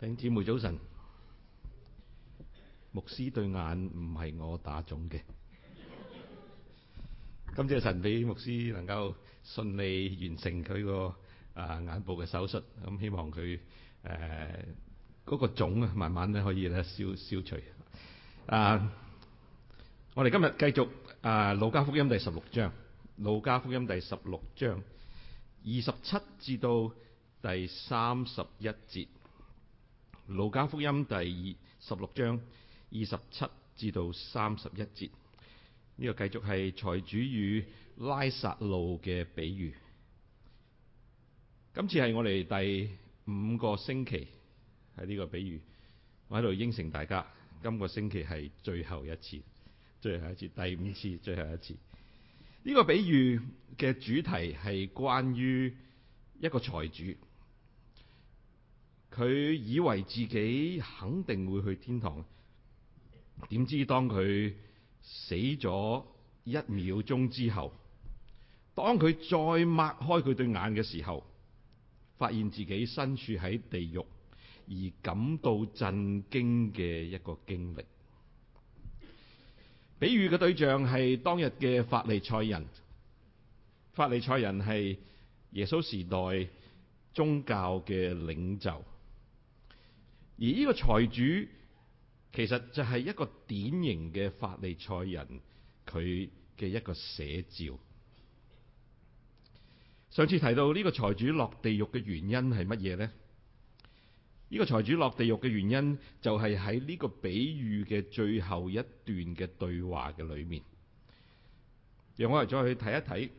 弟兄姊妹早晨，牧師對眼唔係我打腫嘅。感謝神俾牧師能夠順利完成佢個啊眼部嘅手術，咁希望佢誒嗰個腫啊，慢慢咧可以咧消消除。啊、呃，我哋今日繼續啊、呃《路加福音》第十六章，《路加福音》第十六章二十七至到第三十一節。路加福音第十六章二十七至到三十一節，呢、這個繼續係財主與拉撒路嘅比喻。今次係我哋第五個星期喺呢、這個比喻，我喺度應承大家，今、這個星期係最後一次，最後一次，第五次，最後一次。呢、這個比喻嘅主題係關於一個財主。佢以為自己肯定會去天堂，點知當佢死咗一秒鐘之後，當佢再擘開佢對眼嘅時候，發現自己身處喺地獄，而感到震驚嘅一個經歷。比喻嘅對象係當日嘅法利賽人，法利賽人係耶穌時代宗教嘅領袖。而呢個財主其實就係一個典型嘅法利賽人，佢嘅一個寫照。上次提到呢個財主落地獄嘅原因係乜嘢呢？呢、呢個財主落地獄嘅原因就係喺呢個比喻嘅最後一段嘅對話嘅裏面。讓我哋再去睇一睇《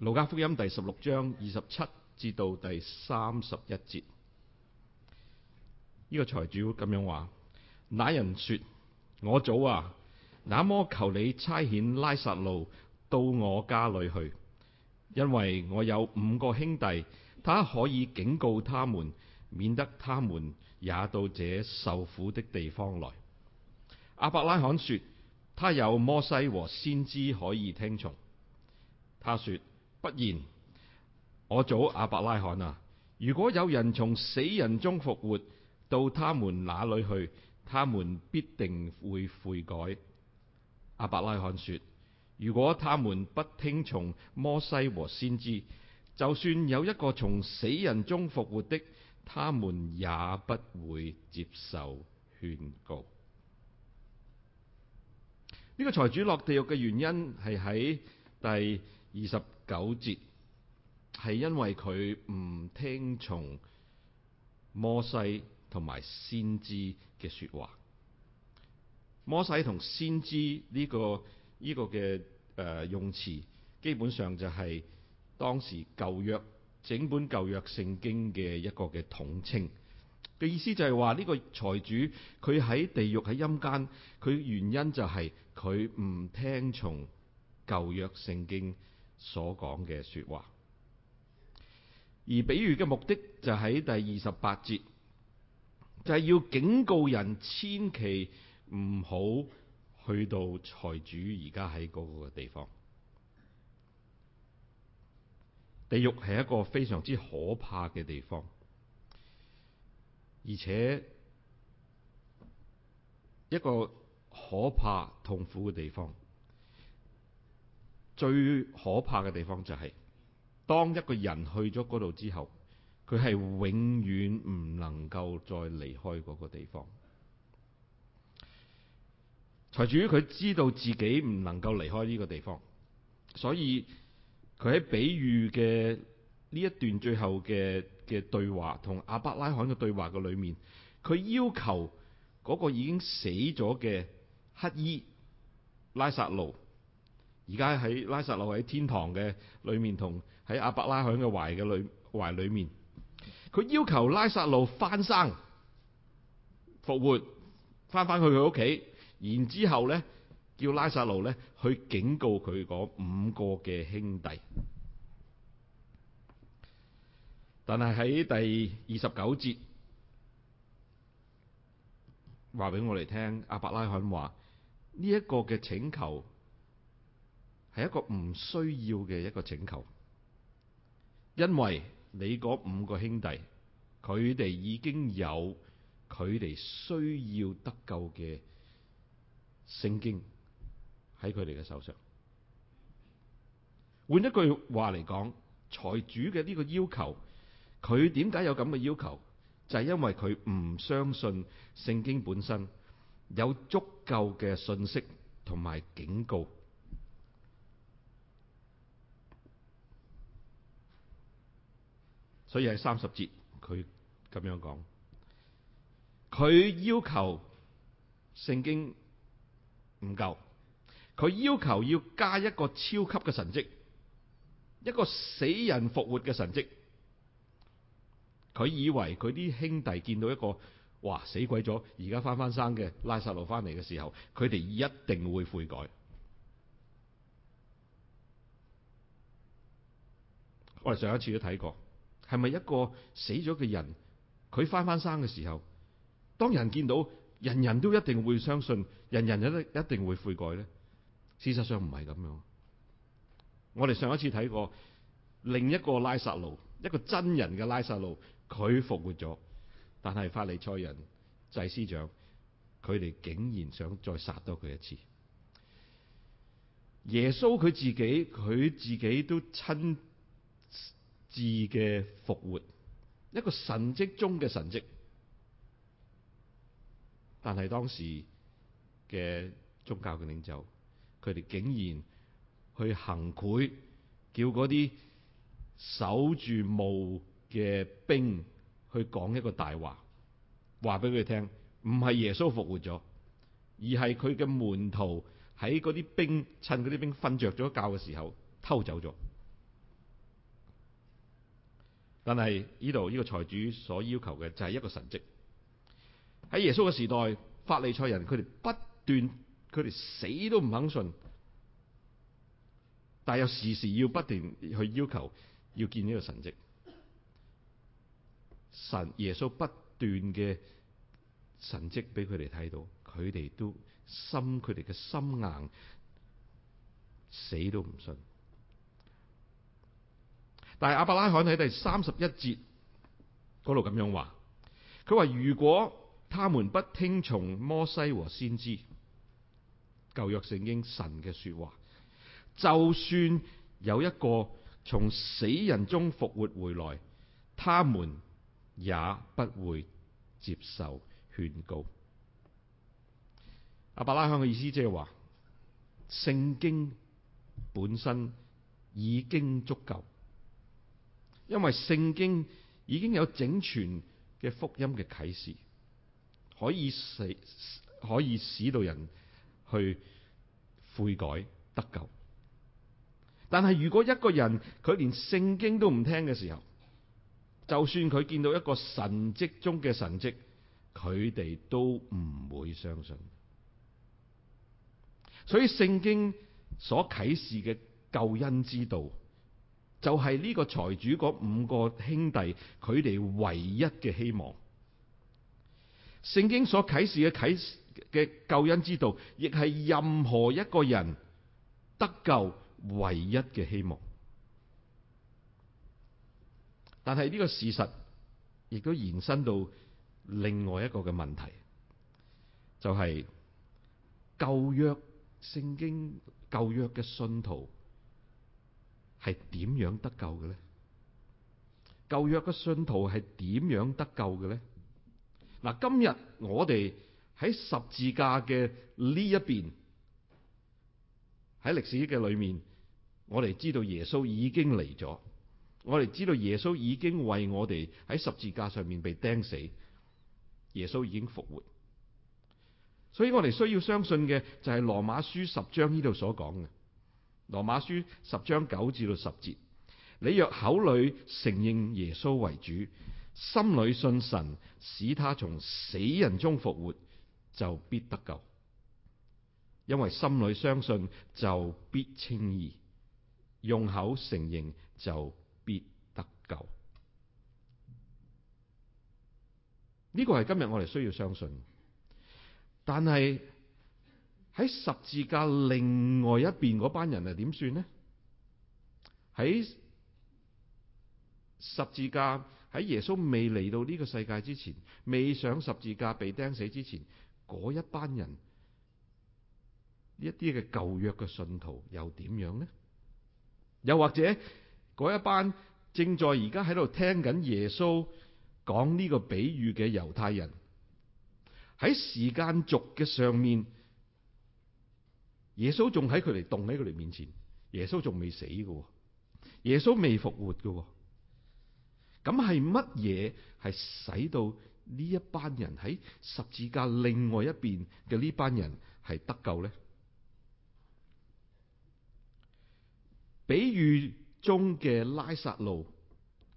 路加福音》第十六章二十七至到第三十一節。呢個財主咁樣話：那人說，我祖啊，那麼求你差遣拉撒路到我家裏去，因為我有五個兄弟，他可以警告他們，免得他們也到這受苦的地方來。亞伯拉罕說：他有摩西和先知可以聽從。他說：不然，我祖亞伯拉罕啊！如果有人從死人中復活，到他們那裡去，他們必定會悔改。阿伯拉罕說，如果他們不聽從摩西和先知，就算有一個從死人中復活的，他們也不會接受勸告。呢、這個財主落地獄嘅原因係喺第二十九節，係因為佢唔聽從摩西。同埋先知嘅說話，摩西同先知呢個呢個嘅，誒，用詞，基本上就係當時舊約整本舊約聖經嘅一個嘅統稱嘅意思就，就係話呢個財主佢喺地獄喺陰間，佢原因就係佢唔聽從舊約聖經所講嘅說話，而比喻嘅目的就喺第二十八節。就係要警告人，千祈唔好去到財主而家喺嗰個地方。地獄係一個非常之可怕嘅地方，而且一個可怕痛苦嘅地方。最可怕嘅地方就係，當一個人去咗嗰度之後。佢係永遠唔能夠再離開嗰個地方。才至主財主佢知道自己唔能夠離開呢個地方，所以佢喺比喻嘅呢一段最後嘅嘅對話，同亞伯拉罕嘅對話嘅裏面，佢要求嗰個已經死咗嘅乞衣拉撒路，而家喺拉撒路喺天堂嘅裏面，同喺亞伯拉罕嘅懷嘅裏懷裏面。佢要求拉撒路翻生復活，翻翻去佢屋企，然之後咧，叫拉撒路咧去警告佢嗰五個嘅兄弟。但係喺第二十九節，話俾我哋聽，阿伯拉罕話呢一個嘅請求係一個唔需要嘅一個請求，因為。你嗰五個兄弟，佢哋已經有佢哋需要得救嘅聖經喺佢哋嘅手上。換一句話嚟講，財主嘅呢個要求，佢點解有咁嘅要求？就係因為佢唔相信聖經本身有足夠嘅信息同埋警告。所以係三十節，佢咁樣講。佢要求聖經唔夠，佢要求要加一個超級嘅神蹟，一個死人復活嘅神蹟。佢以為佢啲兄弟見到一個，哇死鬼咗，而家翻翻生嘅拉撒路翻嚟嘅時候，佢哋一定會悔改。我哋上一次都睇過。係咪一個死咗嘅人，佢翻翻生嘅時候，當人見到，人人都一定會相信，人人都一定會悔改咧？事實上唔係咁樣。我哋上一次睇過另一個拉撒路，一個真人嘅拉撒路，佢復活咗，但係法利賽人祭司長，佢哋竟然想再殺多佢一次。耶穌佢自己，佢自己都親。字嘅復活，一個神蹟中嘅神蹟，但係當時嘅宗教嘅領袖，佢哋竟然去行賄，叫嗰啲守住墓嘅兵去講一個大話，話俾佢哋聽，唔係耶穌復活咗，而係佢嘅門徒喺嗰啲兵趁嗰啲兵瞓着咗覺嘅時候偷走咗。但係呢度呢個財主所要求嘅，就係、是、一個神迹，喺耶穌嘅時代，法利賽人佢哋，不斷佢哋，死都唔肯信，但又時時要不斷去要求要見呢個神迹，神，耶穌不斷嘅神迹俾佢哋睇到，佢哋都心，佢哋嘅心硬，死都唔信。但係亞伯拉罕喺第三十一節嗰度咁樣話，佢話如果他們不聽從摩西和先知舊約聖經神嘅說話，就算有一個從死人中復活回來，他們也不會接受勸告。亞伯拉罕嘅意思即係話，聖經本身已經足夠。因為聖經已經有整全嘅福音嘅啟示，可以使可以使到人去悔改得救。但係如果一個人佢連聖經都唔聽嘅時候，就算佢見到一個神蹟中嘅神蹟，佢哋都唔會相信。所以聖經所啟示嘅救恩之道。就係呢個財主嗰五個兄弟，佢哋唯一嘅希望。聖經所啟示嘅啟嘅救恩之道，亦係任何一個人得救唯一嘅希望。但係呢個事實亦都延伸到另外一個嘅問題，就係舊約聖經舊約嘅信徒。係點樣得救嘅咧？舊約嘅信徒係點樣得救嘅咧？嗱，今日我哋喺十字架嘅呢一邊，喺歷史嘅裏面，我哋知道耶穌已經嚟咗，我哋知道耶穌已經為我哋喺十字架上面被釘死，耶穌已經復活，所以我哋需要相信嘅就係羅馬書十章呢度所講嘅。羅馬書十章九至到十節，你若口裏承認耶穌為主，心裏信神，使他從死人中復活，就必得救。因為心裏相信，就必稱義，用口承認就必得救。呢個係今日我哋需要相信，但係。喺十字架另外一邊嗰班人係點算呢？喺十字架，喺耶穌未嚟到呢個世界之前，未上十字架被釘死之前，嗰一班人一啲嘅舊約嘅信徒又點樣呢？又或者嗰一班正在而家喺度聽緊耶穌講呢個比喻嘅猶太人，喺時間軸嘅上面，耶穌仲喺佢哋動，喺佢哋面前，耶穌仲未死嘅，耶穌未復活嘅，咁係乜嘢係使到呢一班人喺十字架另外一邊嘅呢班人係得救呢？比喻中嘅拉撒路，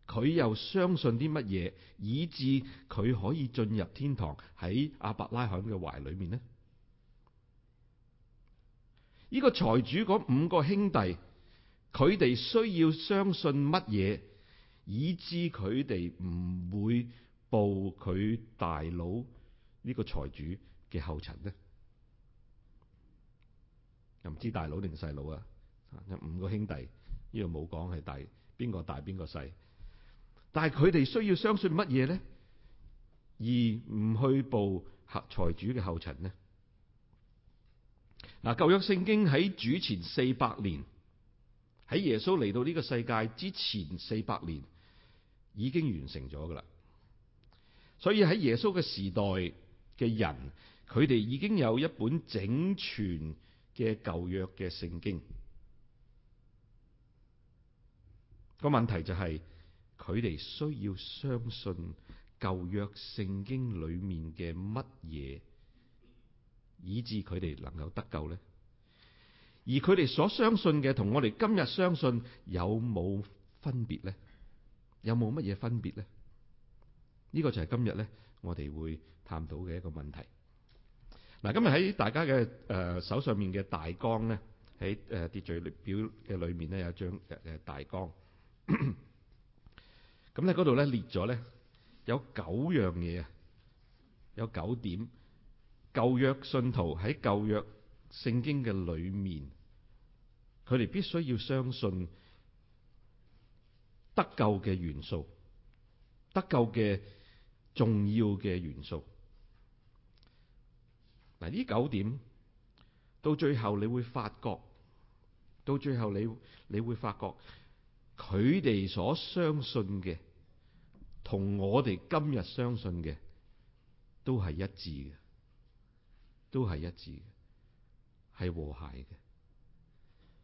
佢又相信啲乜嘢，以致佢可以進入天堂喺阿伯拉罕嘅懷裏面呢？呢個財主嗰五個兄弟，佢哋需要相信乜嘢，以致佢哋唔會步佢大佬呢個財主嘅後塵呢？又唔知大佬定細佬啊？啊，五個兄弟，呢度冇講係大邊個大邊個細，但係佢哋需要相信乜嘢呢？而唔去步財主嘅後塵呢？嗱，舊約聖經喺主前四百年，喺耶穌嚟到呢個世界之前四百年已經完成咗噶啦。所以喺耶穌嘅時代嘅人，佢哋已經有一本整全嘅舊約嘅聖經。個問題就係，佢哋需要相信舊約聖經裏面嘅乜嘢？以致佢哋能夠得救咧？而佢哋所相信嘅，同我哋今日相信有冇分別咧？有冇乜嘢分別咧？呢個就係今日咧，我哋會探討嘅一個問題。嗱，今日喺大家嘅誒手上面嘅大綱咧，喺誒秩序表嘅裏面咧，有張誒誒大綱。咁咧，嗰度咧列咗咧有九樣嘢啊，有九點。舊約信徒喺舊約聖經嘅裏面，佢哋必須要相信得救嘅元素，得救嘅重要嘅元素。嗱，呢九點到最後你會發覺，到最後你你會發覺佢哋所相信嘅同我哋今日相信嘅都係一致嘅。都係一致嘅，係和諧嘅，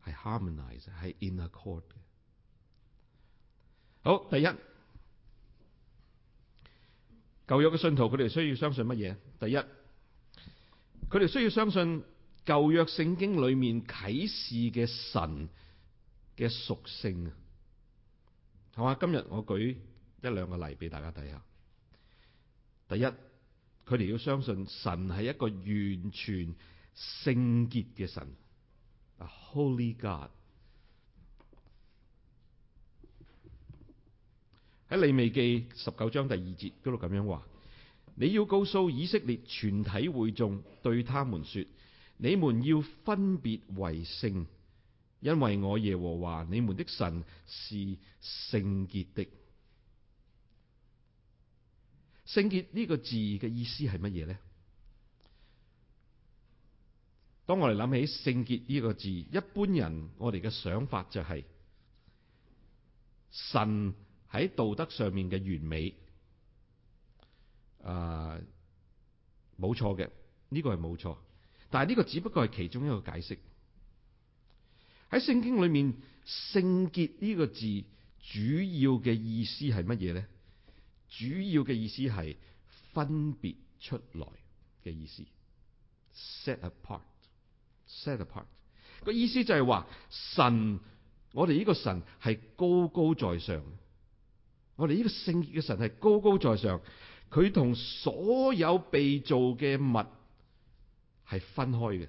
係 harmonize，係 in accord 嘅。好，第一，舊約嘅信徒佢哋需要相信乜嘢？第一，佢哋需要相信舊約聖經裏面啟示嘅神嘅屬性啊。好啊，今日我舉一兩個例俾大家睇下。第一。佢哋要相信神係一個完全聖潔嘅神。啊，Holy God 喺利未記十九章第二節嗰度咁樣話：你要告訴以色列全體會眾，對他們說：你們要分別為聖，因為我耶和華你們的神是聖潔的。聖潔呢個字嘅意思係乜嘢咧？當我哋諗起聖潔呢個字，一般人我哋嘅想法就係神喺道德上面嘅完美。啊、呃，冇錯嘅，呢、這個係冇錯，但係呢個只不過係其中一個解釋。喺聖經裏面，聖潔呢個字主要嘅意思係乜嘢咧？主要嘅意思係分別出來嘅意思，set apart，set apart 個 set apart。意思就係話，神，我哋呢個神係高高在上，我哋呢個聖潔嘅神係高高在上，佢同所有被造嘅物係分開嘅，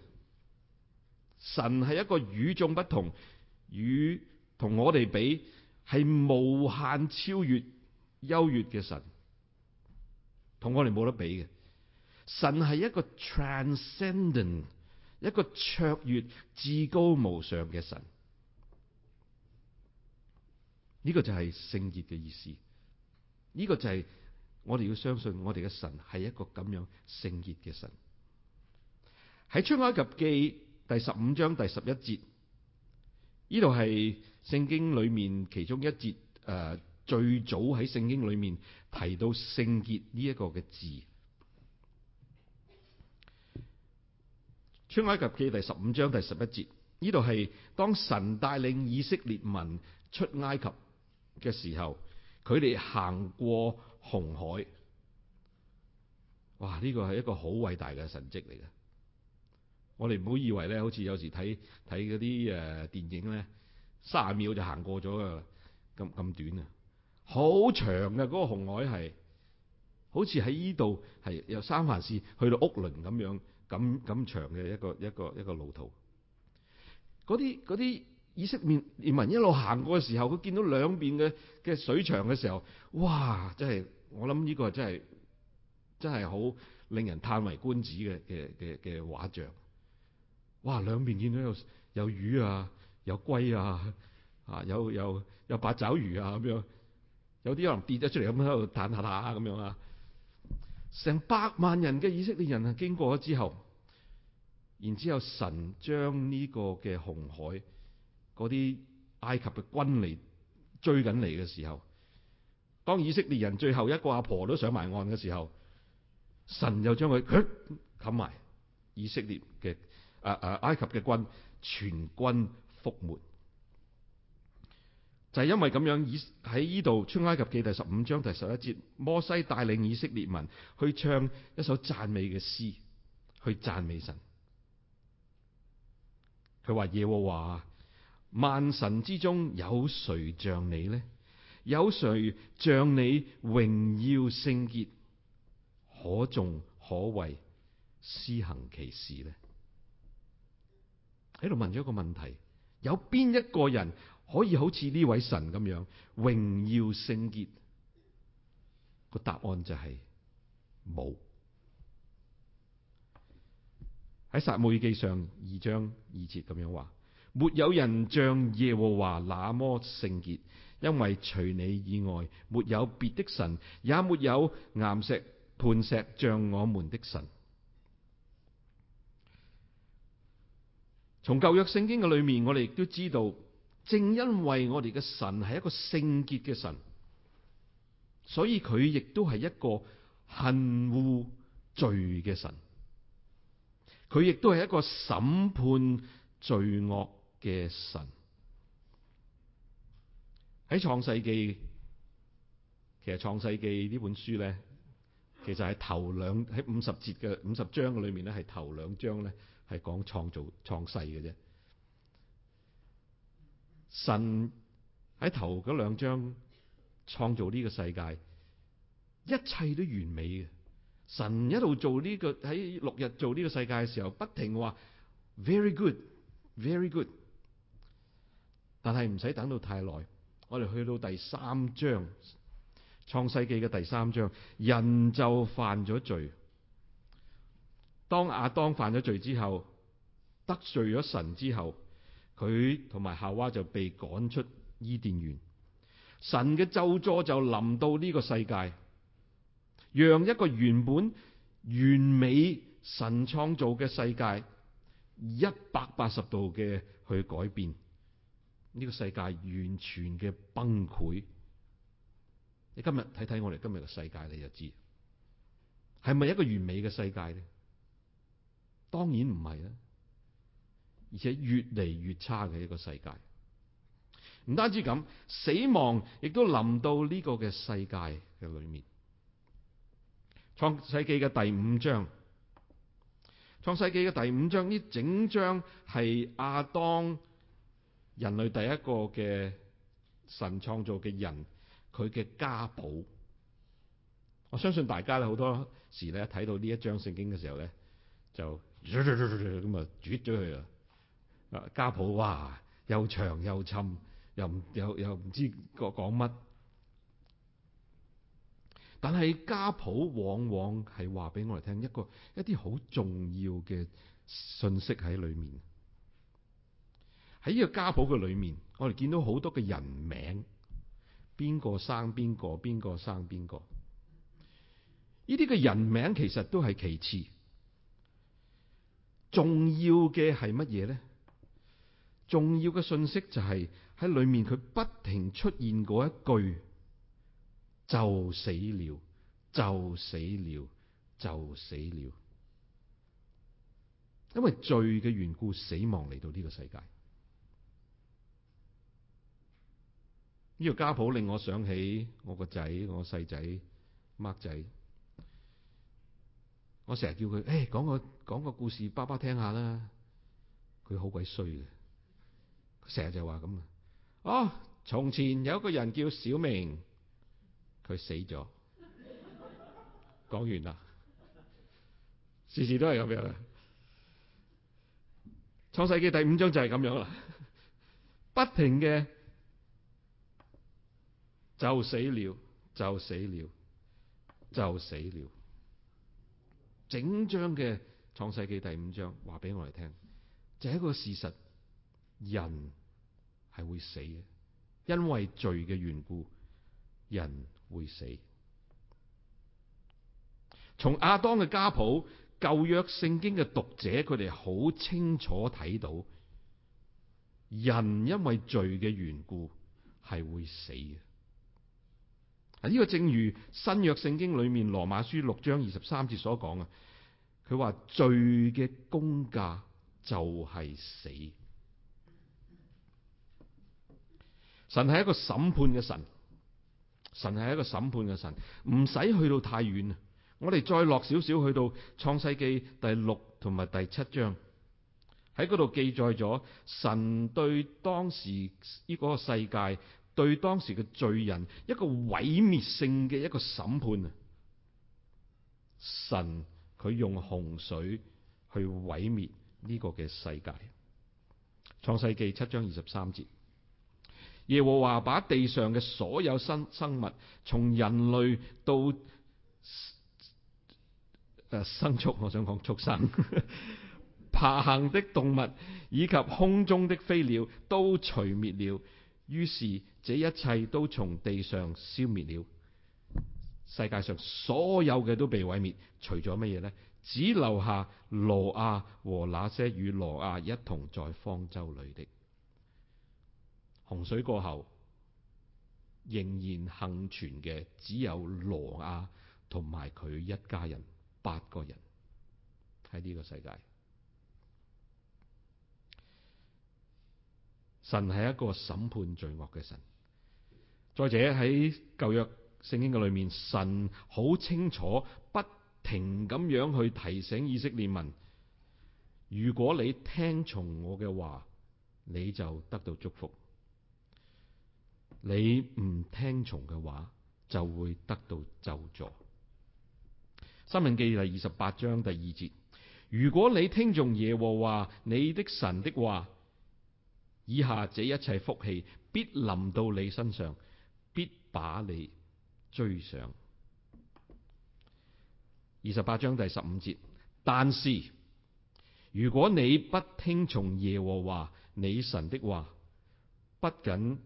神係一個與眾不同，與同我哋比係無限超越，優越嘅神，同我哋冇得比嘅。神係一個 transcendent，一個卓越、至高無上嘅神。呢個就係聖潔嘅意思。呢個就係我哋要相信我哋嘅神係一個咁樣聖潔嘅神。喺出埃及記第十五章第十一節，呢度係聖經裏面其中一節誒。呃最早喺聖經裏面提到聖潔呢一個嘅字，出埃及記第十五章第十一節，呢度，係當神帶領以色列民出埃及嘅時候，佢哋行過紅海，哇！呢個係一個好偉大嘅神蹟嚟嘅。我哋唔好以為咧，好似有時睇睇嗰啲誒電影咧，三十秒就行過咗㗎喇，咁咁短啊！好長嘅嗰個紅海係，好似喺依度係由三藩市去到屋崙咁樣咁咁長嘅一個一個一個路途。嗰啲啲以色列移民一路行過嘅時候，佢見到兩邊嘅嘅水牆嘅時候，哇！真係我諗呢個真係真係好令人嘆為觀止嘅嘅嘅嘅畫像。哇！兩邊見到有有魚啊，有龜啊，啊有有有有八爪魚啊咁樣。有啲可能跌咗出嚟咁，喺度彈下下咁樣啊！成百萬人嘅以色列人啊，經過咗之後，然之後神將呢個嘅紅海嗰啲埃及嘅軍嚟追緊嚟嘅時候，當以色列人最後一個阿婆都上埋岸嘅時候，神就將佢冚埋以色列嘅啊啊埃及嘅軍，全軍覆沒。就因為咁樣，以喺呢度《出埃及記》第十五章第十一節，摩西帶領以色列民去唱一首讚美嘅詩，去讚美神。佢話，耶和華萬神之中有誰像你呢？有誰像你榮耀聖潔、可頌可畏、施行奇事呢？喺度問咗一個問題：有邊一個人？可以好似呢位神咁樣榮耀聖潔？個答案就係冇。喺撒母耳記上二章二節咁樣話：沒有人像耶和華那麼聖潔，因為除你以外沒有別的神，也沒有岩石磐石像我們的神。從舊約聖經嘅裏面，我哋亦都知道。正因為我哋嘅神係一個聖潔嘅神，所以佢亦都係一個恨惡罪嘅神，佢亦都係一個審判罪惡嘅神。喺創世記，其實創世記呢本書咧，其實係頭兩喺五十節嘅五十章嘅裏面咧，係頭兩章咧係講創造創世嘅啫。神喺頭兩章創造呢個世界，一切都完美嘅。神一路做呢個喺六日做呢個世界嘅時候，不停話 very good，very good。但係唔使等到太耐，我哋去到第三章創世紀嘅第三章，人就犯咗罪。當亞當犯咗罪之後，得罪咗神之後。佢同埋夏娃就被趕出伊甸園，神嘅咒詛就臨到呢個世界，讓一個原本完美神創造嘅世界一百八十度嘅去改變，呢、呢個世界完全嘅崩潰。你今日睇睇我哋今日嘅世界，你就知係咪一個完美嘅世界咧？當然唔係啦。而且越嚟越差嘅一個世界，唔單止咁，死亡亦都臨到呢個嘅世界嘅裏面。創世紀嘅第五章，創世紀嘅第五章，呢整章係亞當人類第一個嘅神創造嘅人，佢嘅家譜。我相信大家咧，好多時咧，睇到呢一章聖經嘅時候咧，就咁啊，絕咗佢啊！啊家譜哇，又長又沉又唔又又唔知講講乜，但係家譜往往係話俾我哋聽一個一啲好重要嘅信息喺裏面。喺呢個家譜嘅裏面，我哋見到好多嘅人名，邊個生邊個，邊個生邊個。呢啲嘅人名其實都係其次，重要嘅係乜嘢咧？重要嘅信息就係喺裏面佢不停出現嗰一句，就死了，就死了，就死了。因為罪嘅緣故死亡嚟到呢個世界。呢個家譜令我想起我個仔，我細仔 Mark 仔，我成日叫佢誒，講個講個故事爸爸聽下啦，佢好鬼衰嘅。成日就話咁啊！哦，從前有一個人叫小明，佢死咗。講完啦，事事都係咁樣嘅。創世紀第五章就係咁樣啦，不停嘅就死了，就死了，就死了。整章嘅創世紀第五章話俾我哋聽，就係、是、一個事實，人。係會死嘅，因為罪嘅緣故，人會死。從亞當嘅家譜、舊約聖經嘅讀者，佢哋好清楚睇到，人因為罪嘅緣故係會死嘅。呢個正如新約聖經裏面羅馬書六章二十三節所講啊，佢話罪嘅工價就係死。神係一個審判嘅神，神係一個審判嘅神，唔使去到太遠啊！我哋再落少少去到創世紀第六同埋第七章，喺度記載咗神對當時呢個世界、對當時嘅罪人一個毀滅性嘅一個審判啊！神佢用洪水去毀滅呢個嘅世界。創世紀七章二十三節。耶和華把地上嘅所有生生物，從人類到誒牲畜，我想講畜生，爬行的動物以及空中的飛鳥都除滅了。於是這一切都從地上消滅了。世界上所有嘅都被毀滅，除咗乜嘢咧？只留下挪亞和那些與挪亞一同在方舟裏的。洪水過後，仍然幸存嘅只有羅亞同埋佢一家人八個人。喺呢個世界，神係一個審判罪惡嘅神。再者，喺舊約聖經嘅裏面，神好清楚，不停咁樣去提醒以色列民：如果你聽從我嘅話，你就得到祝福。你唔聽從嘅話，就會得到咒詛。申命記第二十八章第二節：如果你聽從耶和華你的神的話，以下這一切福氣必臨到你身上，必把你追上。二十八章第十五節：但是如果你不聽從耶和華你神的話，不僅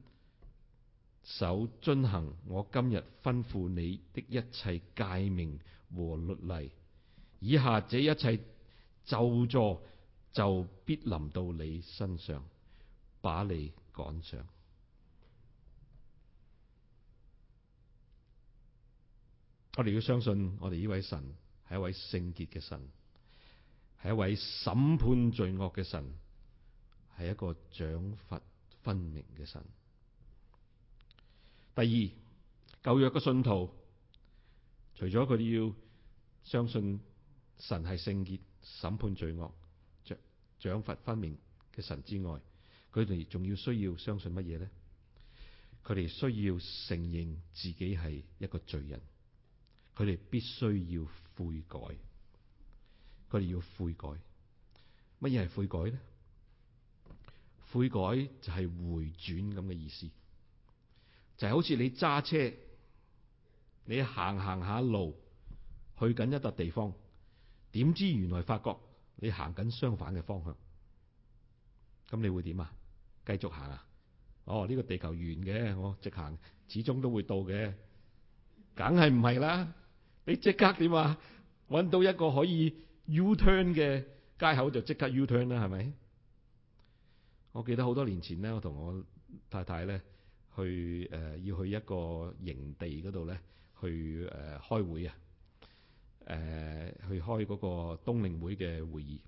守遵行我今日吩咐你的一切誡命和律例，以下這一切咒詛，就必臨到你身上，把你趕上。我哋要相信，我哋呢位神係一位聖潔嘅神，係一位審判罪惡嘅神，係一個獎罰分明嘅神。第二，舊約嘅信徒，除咗佢哋要相信神係聖潔、審判罪惡、獎罰分明嘅神之外，佢哋仲要需要相信乜嘢咧？佢哋需要承認自己係一個罪人，佢哋必須要悔改，佢哋要悔改。乜嘢係悔改咧？悔改就係回轉咁嘅意思。就係好似你揸車，你行行下路，去緊一笪地方，點知原來發覺你行緊相反嘅方向，咁你會點啊？繼續行啊？哦，呢個地球圓嘅，我直行，始終都會到嘅，梗係唔係啦？你即刻點啊？揾到一個可以 U-turn 嘅街口就即刻 U-turn 啦，係咪？我記得好多年前咧，我同我太太咧。去誒、呃、要去一個營地度咧，去誒開會啊，誒、呃、去開個個冬令會嘅會議。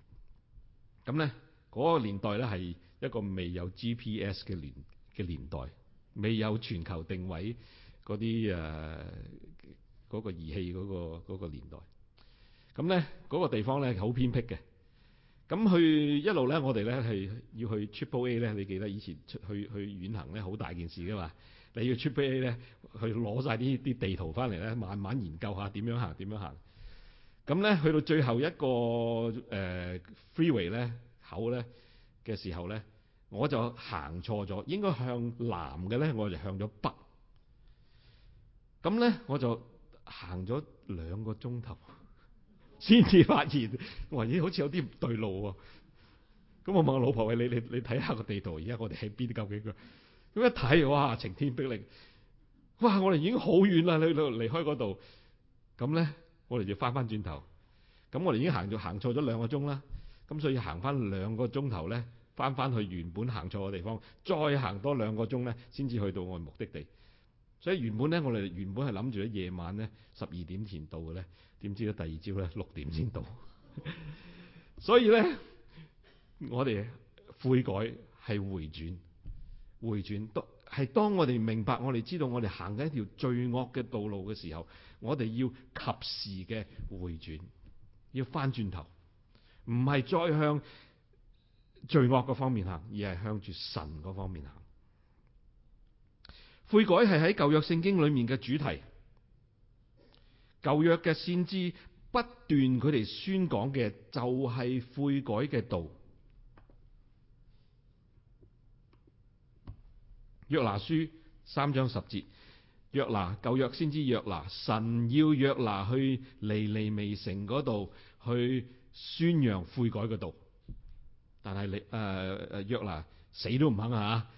咁咧、那個年代咧係一個未有 G P S 嘅年嘅年代，未有全球定位啲誒、呃那個儀器、那個、那個年代。咁咧、那個地方咧好偏僻嘅。咁去一路咧，我哋咧係要去 Triple A 咧。你記得以前出去去遠行咧，好大件事噶嘛。你要 Triple A 咧，去攞晒啲啲地圖翻嚟咧，慢慢研究下點樣行，點樣行。咁咧去到最後一個誒、呃、freeway 咧口咧嘅時候咧，我就行錯咗，應該向南嘅咧，我就向咗北。咁咧，我就行咗兩個鐘頭。先至發現，或者好似有啲唔對路喎、啊。咁我問我老婆：喂，你你你睇下個地圖，而家我哋喺邊？究竟？咁一睇，哇，晴天霹靂！哇，我哋已經好遠啦，你離開嗰度。咁咧，我哋就翻翻轉頭。咁我哋已經行咗行錯咗兩個鐘啦。咁所以行翻兩個鐘頭咧，翻翻去原本行錯嘅地方，再行多兩個鐘咧，先至去到我哋目的地。所以原本咧，我哋原本係諗住喺夜晚咧十二點前到嘅咧。點知咧？第二朝咧，六點先到。所以咧，我哋悔改係回轉，回轉都係當我哋明白，我哋知道我哋行緊一條罪惡嘅道路嘅時候，我哋要及時嘅回轉，要翻轉頭，唔係再向罪惡嘅方面行，而係向住神嗰方面行。悔改係喺舊約聖經裏面嘅主題。舊約嘅先知不斷佢哋宣講嘅就係、是、悔改嘅道。約拿書三章十節，約拿，舊約先知約拿，神要約拿去尼尼微城嗰度去宣揚悔改嘅道，但係你誒誒約拿死都唔肯啊！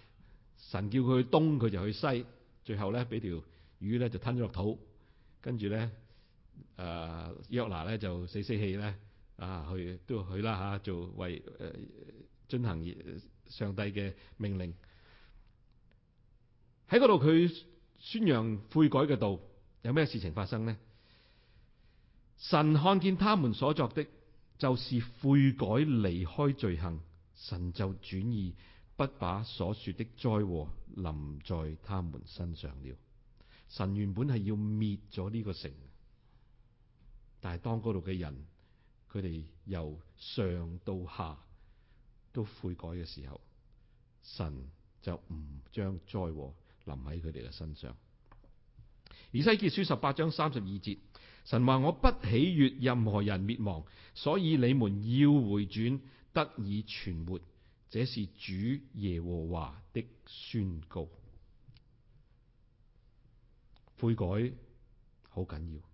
神叫佢去東，佢就去西，最後咧俾條魚咧就吞咗落肚，跟住咧。誒、呃，約拿咧就死死氣咧，啊，去都去啦，吓、啊，做為誒進、呃、行上帝嘅命令喺嗰度，佢宣揚悔改嘅道，有咩事情發生呢？神看見他們所作的，就是悔改離開罪行，神就轉意，不把所說的災禍臨在他們身上了。神原本係要滅咗呢個城。但係當嗰度嘅人，佢哋由上到下都悔改嘅時候，神就唔將災禍臨喺佢哋嘅身上。以西結書十八章三十二節，神話我不喜悅任何人滅亡，所以你們要回轉得以存活，這是主耶和華的宣告。悔改好緊要。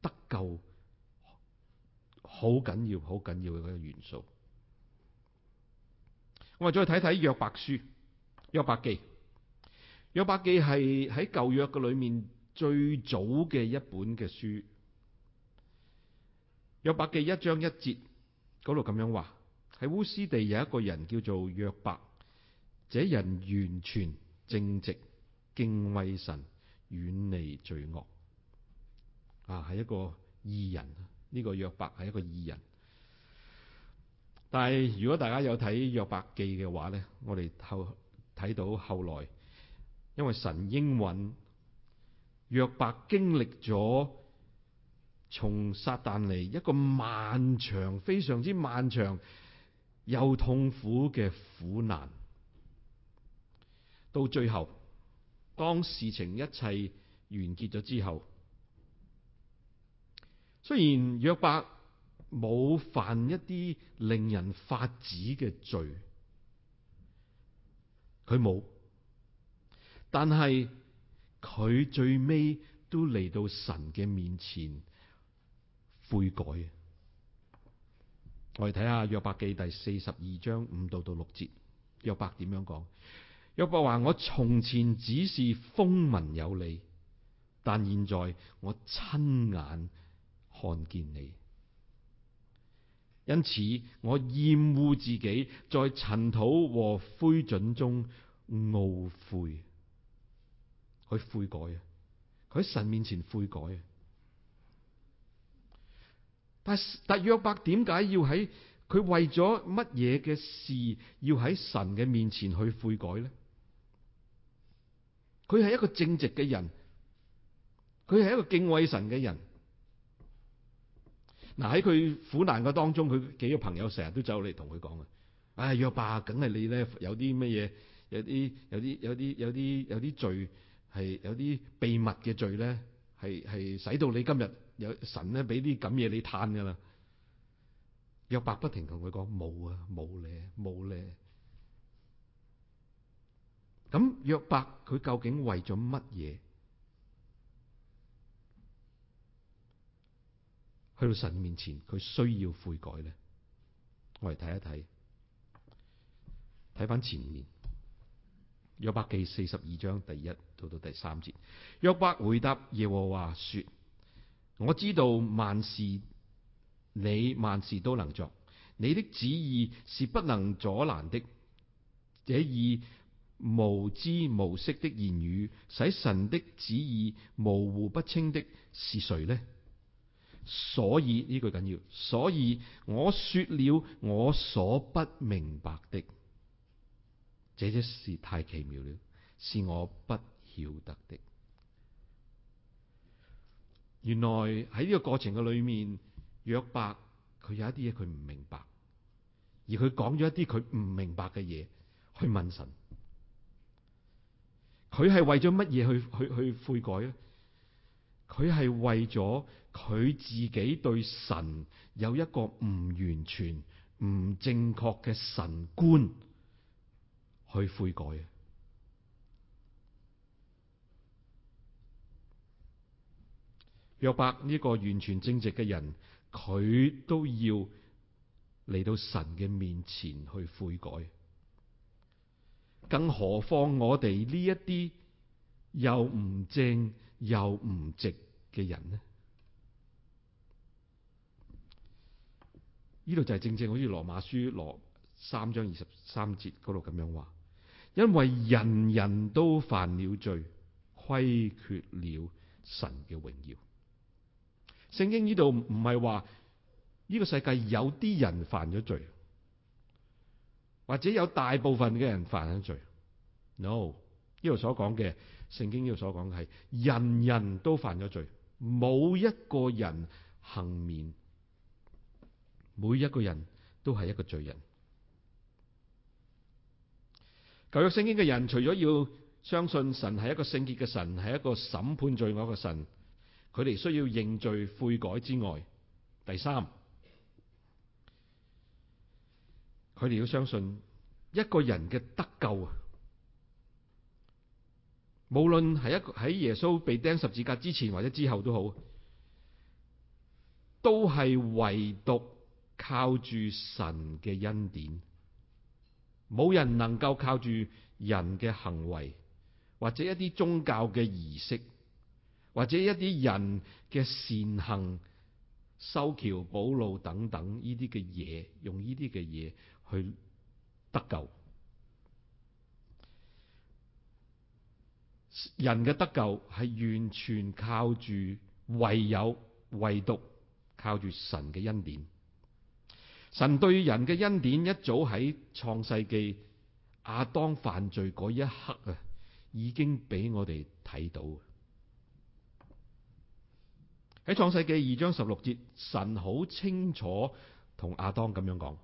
得救好緊要、好緊要嘅一個元素。我哋再睇睇約伯書、約伯記。記約伯記係喺舊約嘅裏面最早嘅一本嘅書。約伯記一章一節度咁樣話：喺烏斯地有一個人叫做約伯，這人完全正直，敬畏神，遠離罪惡。啊，係一個義人，呢、這個約伯係一個義人。但係如果大家有睇約伯記嘅話咧，我哋後睇到後來，因為神應允約伯經歷咗從撒旦嚟一個漫長、非常之漫長又痛苦嘅苦難，到最後當事情一切完結咗之後。雖然約伯冇犯一啲令人髮指嘅罪，佢冇，但係佢最尾都嚟到神嘅面前悔改。我哋睇下《約伯記》第四十二章五到到六節，約伯點樣講？約伯話：我從前只是風聞有你，但現在我親眼。看見你，因此我厭惡自己在塵土和灰燼中懊悔。佢悔改啊！佢喺神面前悔改啊！但但約伯點解要喺佢為咗乜嘢嘅事要喺神嘅面前去悔改呢？佢係一個正直嘅人，佢係一個敬畏神嘅人。嗱，喺佢苦難嘅當中，佢幾個朋友成日都走嚟同佢講啊！唉、哎，約伯，梗係你咧有啲乜嘢？有啲有啲有啲有啲有啲罪係有啲秘密嘅罪咧，係係使到你今日有神咧俾啲咁嘢你嘆噶啦。約伯不停同佢講冇啊，冇咧，冇咧。咁、啊啊啊、約伯佢究竟為咗乜嘢？去到神面前，佢需要悔改咧。我嚟睇一睇，睇翻前面約伯記四十二章第一到到第三節，約伯回答耶和華說：我知道萬事你萬事都能作，你的旨意是不能阻攔的。這以無知無識的言語，使神的旨意模糊不清的是誰呢？所以呢句緊要，所以我說了我所不明白的，這些事太奇妙了，是我不曉得的。原來喺呢個過程嘅裏面，約伯佢有一啲嘢佢唔明白，而佢講咗一啲佢唔明白嘅嘢去問神。佢係為咗乜嘢去去去悔改咧？佢係為咗。佢自己對神有一個唔完全、唔正確嘅神觀，去悔改。約伯呢個完全正直嘅人，佢都要嚟到神嘅面前去悔改。更何況我哋呢一啲又唔正又唔直嘅人呢？呢度就係正正好似羅馬書羅三章二十三節嗰度咁樣話，因為人人都犯了罪，虧缺了神嘅榮耀。聖經呢度唔係話呢個世界有啲人犯咗罪，或者有大部分嘅人犯咗罪。No，呢度所講嘅聖經呢度所講嘅係人人都犯咗罪，冇一個人幸免。每一個人都係一個罪人。舊約聖經嘅人，除咗要相信神係一個聖潔嘅神，係一個審判罪惡嘅神，佢哋需要認罪悔改之外，第三，佢哋要相信一個人嘅得救啊，無論係一個喺耶穌被釘十字架之前或者之後都好，都係唯獨。靠住神嘅恩典，冇人能夠靠住人嘅行為或者一啲宗教嘅儀式，或者一啲人嘅善行、修橋補路等等呢啲嘅嘢，用呢啲嘅嘢去得救。人嘅得救係完全靠住，唯有唯獨靠住神嘅恩典。神對人嘅恩典一早喺創世紀亞當犯罪嗰一刻啊，已經俾我哋睇到。喺創世紀二章十六節，神好清楚同亞當咁樣講，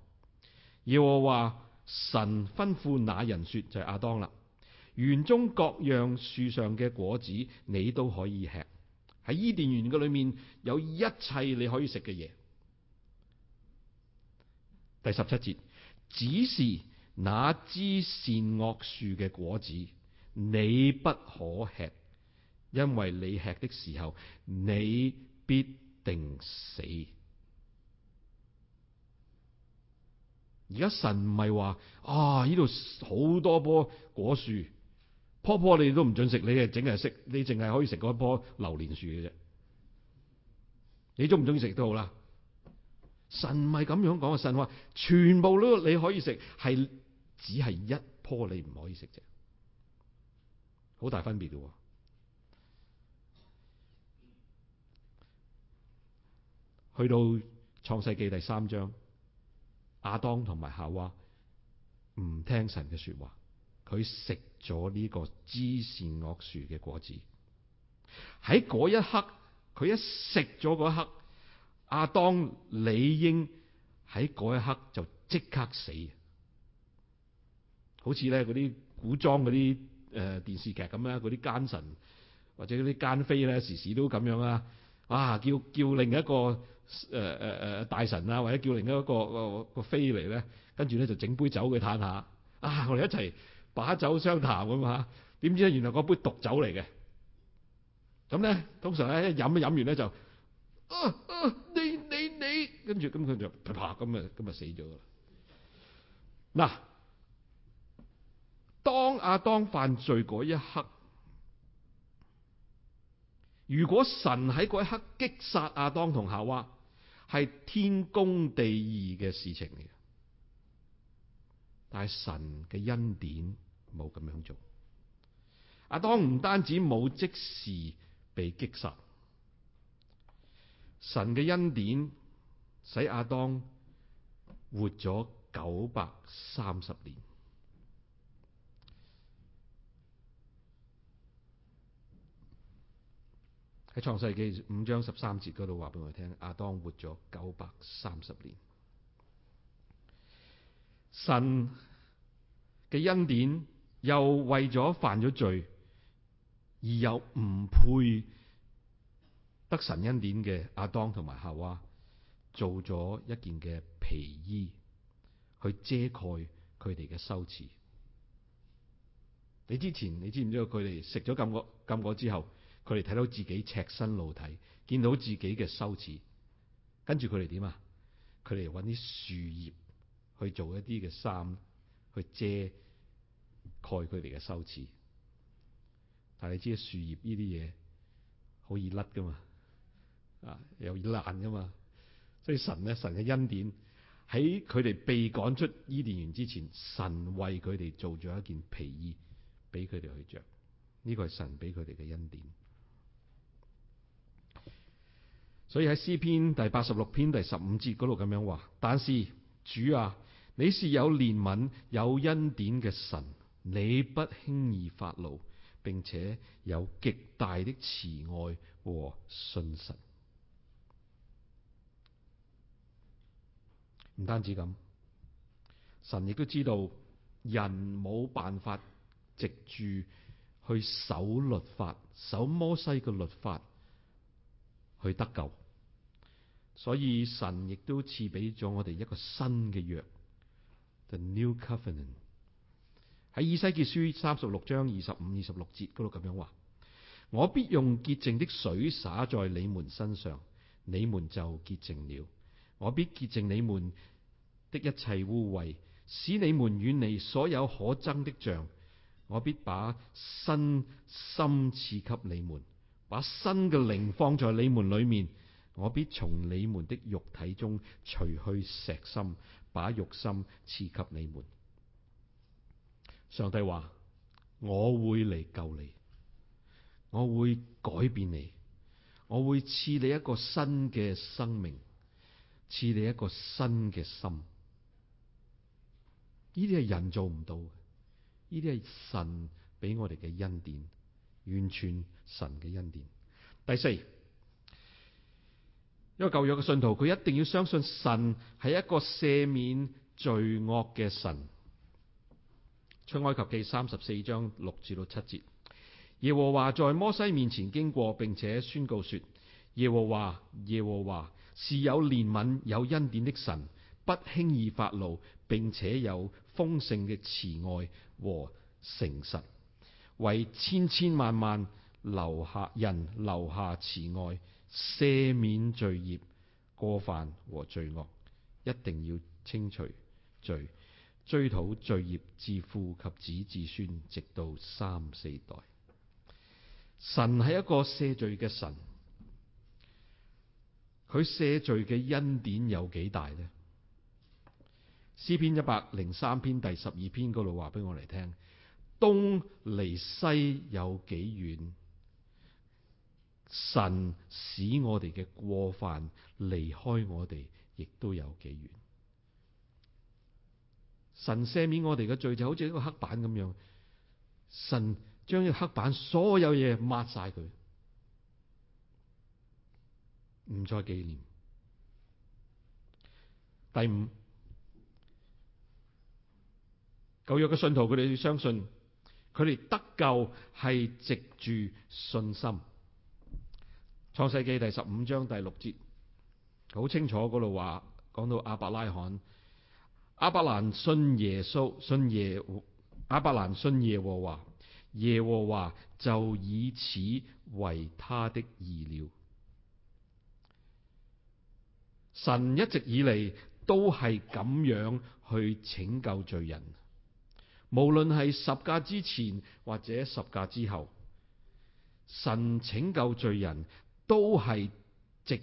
要我話神吩咐那人說，就係亞當啦，園中各樣樹上嘅果子你都可以吃，喺伊甸園嘅裏面有一切你可以食嘅嘢。第十七節，只是那枝善惡樹嘅果子，你不可吃，因為你吃的時候，你必定死。而家神唔係話啊，呢度好多棵果樹，棵棵你都唔准食，你係整日食，你淨係可以食嗰棵榴蓮樹嘅啫。你鍾唔鍾意食都好啦。神唔係咁樣講嘅，神話全部都你可以食，係只係一棵你唔可以食啫，好大分別嘅。去到創世紀第三章，阿當同埋夏娃唔聽神嘅說話，佢食咗呢個知善惡樹嘅果子。喺嗰一刻，佢一食咗嗰一刻。阿當理應喺嗰一刻就即刻死，好似咧嗰啲古裝嗰啲誒電視劇咁啦，嗰啲奸臣或者嗰啲奸妃咧，時時都咁樣啊，啊叫叫另一個誒誒誒大臣啊，或者叫另一個個個、呃、妃嚟咧，跟住咧就整杯酒佢嘆下，啊我哋一齊把酒相談啊嘛，點知咧原來嗰杯毒酒嚟嘅，咁咧通常咧一飲一飲完咧就、啊啊跟住咁佢就啪啪咁啊咁啊死咗啦！嗱，當亞當犯罪嗰一刻，如果神喺嗰一刻擊殺亞當同夏娃，係天公地義嘅事情嚟嘅，但係神嘅恩典冇咁樣做。亞當唔單止冇即時被擊殺，神嘅恩典。使亞當活咗九百三十年，喺創世記五章十三節嗰度話俾我聽，亞當活咗九百三十年。神嘅恩典又為咗犯咗罪，而又唔配得神恩典嘅亞當同埋夏娃，做咗一件嘅皮衣去遮蓋佢哋嘅羞恥。你之前你知唔知道？佢哋食咗禁果，禁果之後，佢哋睇到自己赤身露體，見到自己嘅羞恥，跟住佢哋點啊？佢哋揾啲樹葉去做一啲嘅衫去遮蓋佢哋嘅羞恥。但係你知樹葉呢啲嘢好易甩噶嘛？啊，又爛噶嘛？所以神咧，神嘅恩典喺佢哋被趕出伊甸園之前，神為佢哋做咗一件皮衣俾佢哋去着，呢個係神俾佢哋嘅恩典。所以喺詩篇第八十六篇第十五節度咁樣話：但是主啊，你是有憐憫、有恩典嘅神，你不輕易發怒，並且有極大的慈愛和信神。唔單止咁，神亦都知道人冇辦法藉住去守律法、守摩西嘅律法去得救，所以神亦都賜俾咗我哋一個新嘅約。The New Covenant 喺以西結書三十六章二十五、二十六節嗰度咁樣話：我必用潔淨的水灑在你們身上，你們就潔淨了。我必潔淨你們的一切污穢，使你們遠離所有可憎的像。我必把新心賜給你們，把新嘅靈放在你們裏面。我必從你們的肉體中除去石心，把肉心賜給你們。上帝話：我會嚟救你，我會改變你，我會賜你一個新嘅生命。賜你一個新嘅心，呢啲係人做唔到嘅。呢啲係神俾我哋嘅恩典，完全神嘅恩典。第四，一個舊約嘅信徒，佢一定要相信神係一個赦免罪惡嘅神。出埃及記三十四章六至到七節，耶和華在摩西面前經過，並且宣告說：耶和華，耶和華，是有憐憫、有恩典的神，不輕易發怒，並且有豐盛嘅慈愛和誠實，為千千萬萬留下人留下慈愛，赦免罪孽過犯和罪惡，一定要清除罪，追討罪孽自父及子之孫，直到三四代。神係一個赦罪嘅神。佢赦罪嘅恩典有幾大咧？詩篇一百零三篇第十二篇嗰度話俾我哋聽，東離西有幾遠？神使我哋嘅過犯離開我哋，亦都有幾遠？神赦免我哋嘅罪，就好似一個黑板咁樣，神將呢個黑板所有嘢抹晒佢。唔再紀念。第五，舊約嘅信徒，佢哋相信佢哋得救係藉住信心。創世紀第十五章第六節好清楚嗰度話，講到亞伯拉罕，亞伯蘭信耶穌，信耶，亞伯蘭信耶和華，耶和華就以此為他的義了。神一直以嚟都係咁樣去拯救罪人，無論係十架之前或者十架之後，神拯救罪人都係藉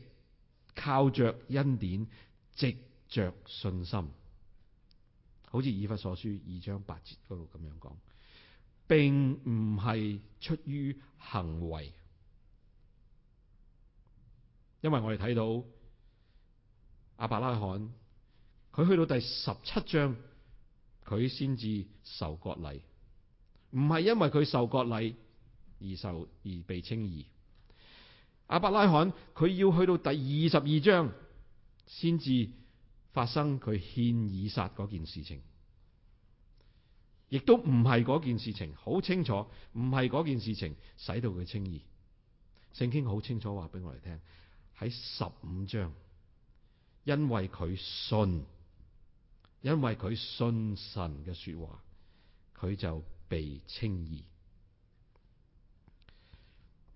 着恩典，藉着信心，好似以弗所書二章八節嗰度咁樣講，並唔係出於行為，因為我哋睇到。亞伯拉罕，佢去到第十七章，佢先至受割禮，唔係因為佢受割禮而受而被稱義。亞伯拉罕佢要去到第二十二章，先至發生佢獻以撒嗰件事情，亦都唔係嗰件事情，好清楚唔係嗰件事情使到佢稱義。聖經好清楚話俾我哋聽，喺十五章。因為佢信，因為佢信神嘅說話，佢就被稱義。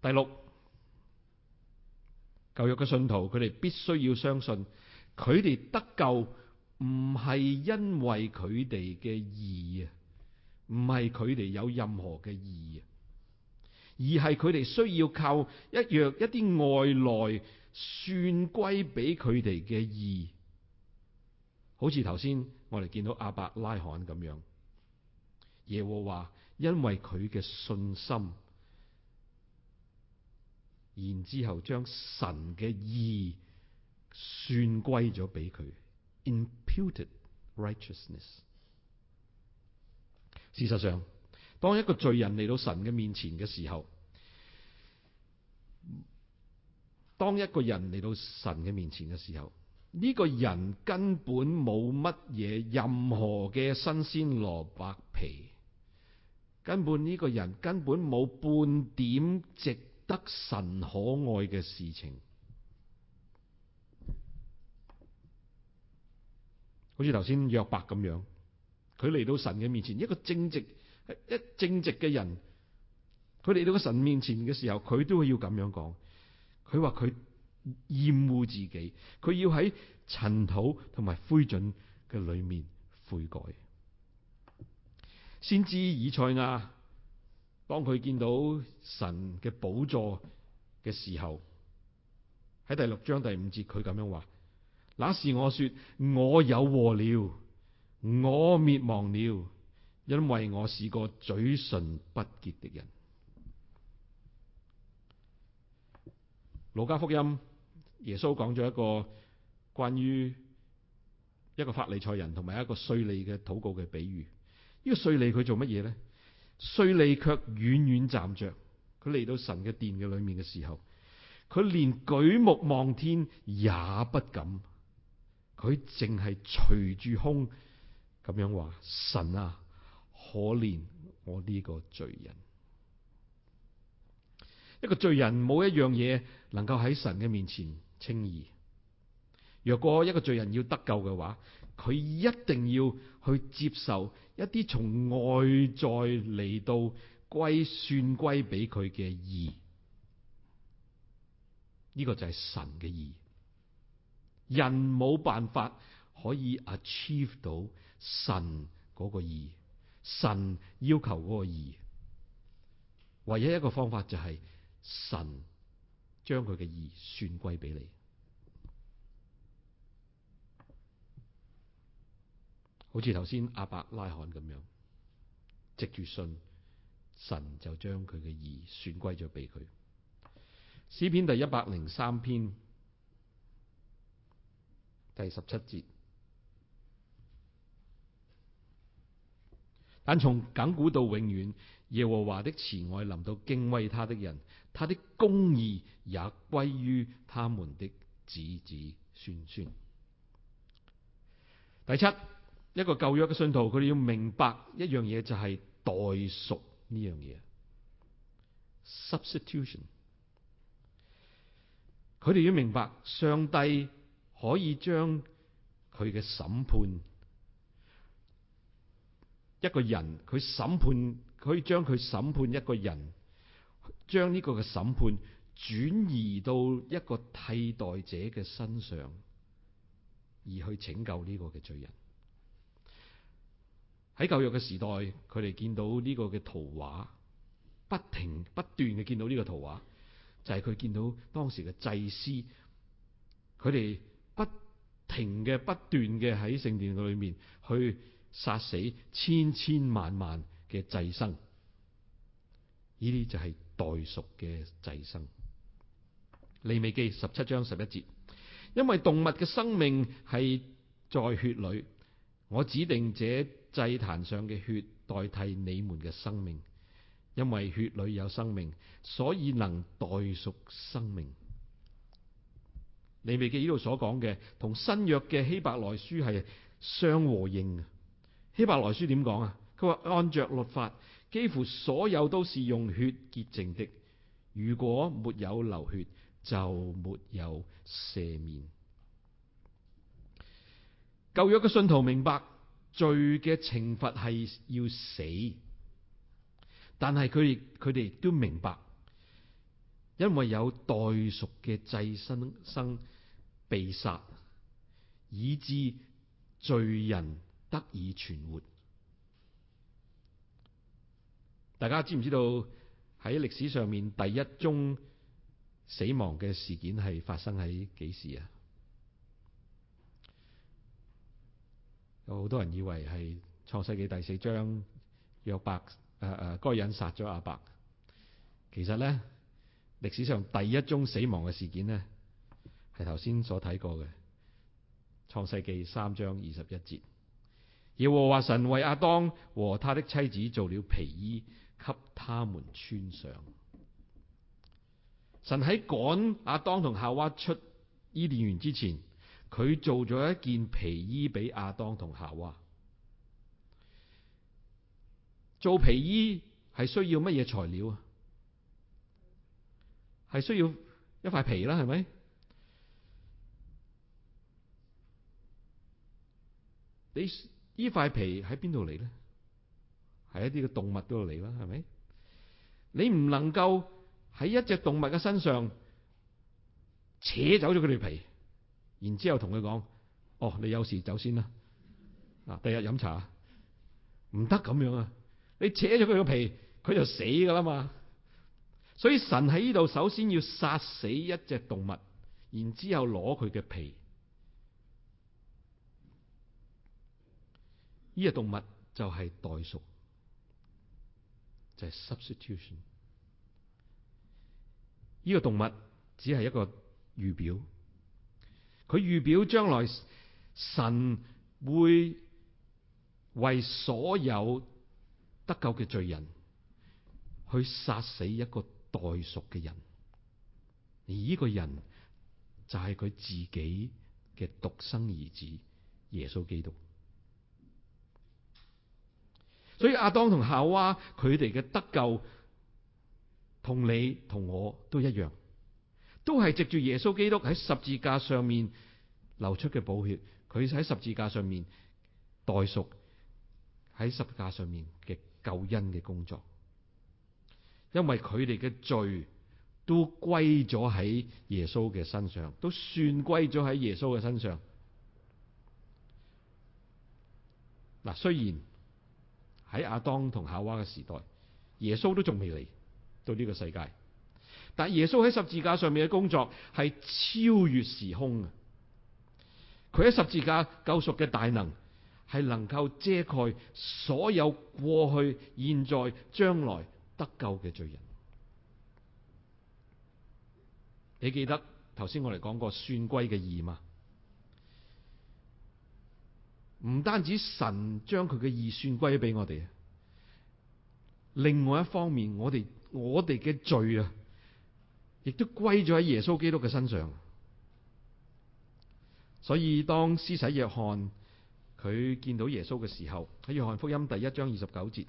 第六，舊約嘅信徒，佢哋必須要相信，佢哋得救唔係因為佢哋嘅義啊，唔係佢哋有任何嘅義啊，而係佢哋需要靠一約一啲外來。算歸俾佢哋嘅義，好似頭先我哋見到阿伯拉罕咁樣，耶和華因為佢嘅信心，然之後將神嘅義算歸咗俾佢，imputed righteousness。Imp right 事實上，當一個罪人嚟到神嘅面前嘅時候，當一個人嚟到神嘅面前嘅時候，呢個人根本冇乜嘢任何嘅新鮮蘿蔔皮，根本呢個人根本冇半點值得神可愛嘅事情，好似頭先約伯咁樣，佢嚟到神嘅面前，一個正直一正直嘅人，佢嚟到個神面前嘅時候，佢都會要咁樣講。佢話佢厭惡自己，佢要喺塵土同埋灰燼嘅裏面悔改，先知以賽亞當佢見到神嘅寶座嘅時候，喺第六章第五節佢咁樣話：， 那時我說我有禍了，我滅亡了，因為我是個嘴唇不潔的人。《路加福音》，耶穌講咗一個關於一個法利賽人同埋一個稅吏嘅禱告嘅比喻。呢、這個稅吏佢做乜嘢呢？稅吏卻遠遠站着，佢嚟到神嘅殿嘅裏面嘅時候，佢連舉目望天也不敢，佢淨係捶住胸咁樣話：神啊，可憐我呢個罪人！一個罪人冇一樣嘢。能夠喺神嘅面前稱義。若果一個罪人要得救嘅話，佢一定要去接受一啲從外在嚟到歸算歸俾佢嘅義。呢、這個就係神嘅義，人冇辦法可以 achieve 到神嗰個義，神要求嗰個義，唯一一個方法就係神。將佢嘅義算歸俾你，好似頭先阿伯拉罕咁樣，藉住信，神就將佢嘅義算歸咗俾佢。詩篇第一百零三篇第十七節。但從亘古到永遠，耶和華的慈愛臨到敬畏他的人，他的公義也歸於他們的子子孫孫。第七，一個舊約嘅信徒，佢哋要明白一樣嘢就係代贖呢樣嘢。Substitution，佢哋要明白上帝可以將佢嘅審判。一個人，佢審判佢可以將佢審判一個人，將呢個嘅審判轉移到一個替代者嘅身上，而去拯救呢個嘅罪人。喺舊約嘅時代，佢哋見到呢個嘅圖畫，不停不斷嘅見到呢個圖畫，就係、是、佢見到當時嘅祭司，佢哋不停嘅、不斷嘅喺聖殿裏面去，殺死千千萬萬嘅祭牲，呢啲就係代贖嘅祭牲。利未記十七章十一節，因為動物嘅生命係在血裏，我指定這祭壇上嘅血代替你們嘅生命，因為血裏有生命，所以能代贖生命。利未記呢度所講嘅，同新約嘅希伯來書係相和應。希伯來書點講啊？佢話，按着律法，幾乎所有都是用血潔淨的。如果沒有流血，就沒有赦免。舊約嘅信徒明白罪嘅懲罰係要死，但係佢哋佢哋亦都明白，因為有代贖嘅祭牲生生被殺，以致罪人得以存活。大家知唔知道喺歷史上面第一宗死亡嘅事件係發生喺幾時啊？有好多人以為係創世紀第四章約伯，誒誒，該人殺咗阿伯。其實咧，歷史上第一宗死亡嘅事件咧，係頭先所睇過嘅創世紀三章二十一節。耶和華神為亞當和他的妻子做了皮衣，給他們穿上。神喺趕亞當同夏娃出伊甸園之前，佢做咗一件皮衣俾亞當同夏娃。做皮衣係需要乜嘢材料啊？係需要一塊皮啦，係咪？你。依塊皮喺邊度嚟咧？係一啲嘅動物嗰度嚟啦，係咪？你唔能夠喺一隻動物嘅身上扯走咗佢哋皮，然之後同佢講：，哦，你有事先走先啦。嗱，第日飲茶唔得咁樣啊！你扯咗佢嘅皮，佢就死噶啦嘛。所以神喺呢度首先要殺死一隻動物，然之後攞佢嘅皮。呢個動物就係代贖，就係、是、substitution。呢、這個動物只係一個預表，佢預表將來神會為所有得救嘅罪人去殺死一個代贖嘅人，而呢個人就係佢自己嘅獨生兒子，耶穌基督。所以阿當同夏娃佢哋嘅得救，同你同我都一樣，都係藉住耶穌基督喺十字架上面流出嘅寶血，佢喺十字架上面代贖喺十字架上面嘅救恩嘅工作，因為佢哋嘅罪都歸咗喺耶穌嘅身上，都算歸咗喺耶穌嘅身上。嗱，雖然。喺亞當同夏娃嘅時代，耶穌都仲未嚟到呢個世界。但耶穌喺十字架上面嘅工作係超越時空嘅。佢喺十字架救贖嘅大能係能夠遮蓋所有過去、現在、將來得救嘅罪人。你記得頭先我哋講過算歸嘅義嗎？唔單止神將佢嘅義算歸俾我哋，另外一方面，我哋我哋嘅罪啊，亦都歸咗喺耶穌基督嘅身上。所以當施洗約翰佢見到耶穌嘅時候，喺約翰福音第一章二十九節，第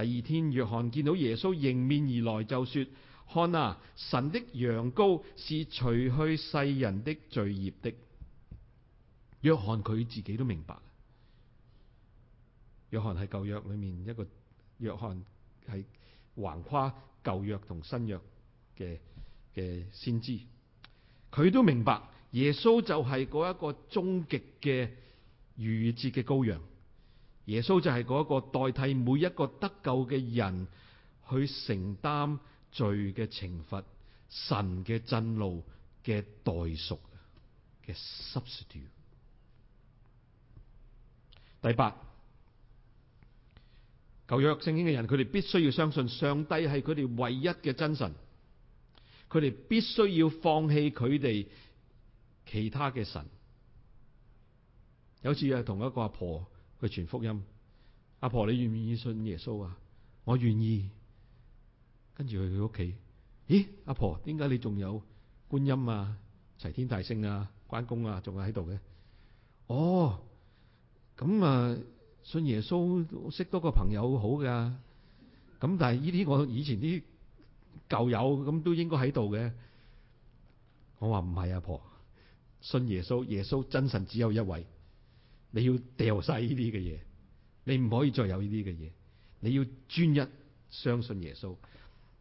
二天約翰見到耶穌迎面而來，就說：看啊，神的羊羔是除去世人的罪孽的。約翰佢自己都明白，約翰係舊約裏面一個，約翰係橫跨舊約同新約嘅嘅先知，佢都明白耶穌就係嗰一個終極嘅逾越節嘅羔羊，耶穌就係嗰一個代替每一個得救嘅人去承擔罪嘅懲罰，神嘅震怒嘅代贖嘅 substitute。第八，舊約聖經嘅人，佢哋必須要相信上帝係佢哋唯一嘅真神，佢哋必須要放棄佢哋其他嘅神。有次呀同一個阿婆去傳福音，阿婆，婆你願唔願意信耶穌啊？我願意。跟住去佢屋企，咦？阿婆點解你仲有觀音啊、齊天大聖啊、關公啊，仲係喺度嘅？哦。咁啊，信耶穌識多個朋友好噶，咁但係呢啲我以前啲舊友咁都應該喺度嘅。我話唔係，阿婆，信耶穌，耶穌真神只有一位，你要掉晒呢啲嘅嘢，你唔可以再有呢啲嘅嘢，你要專一相信耶穌，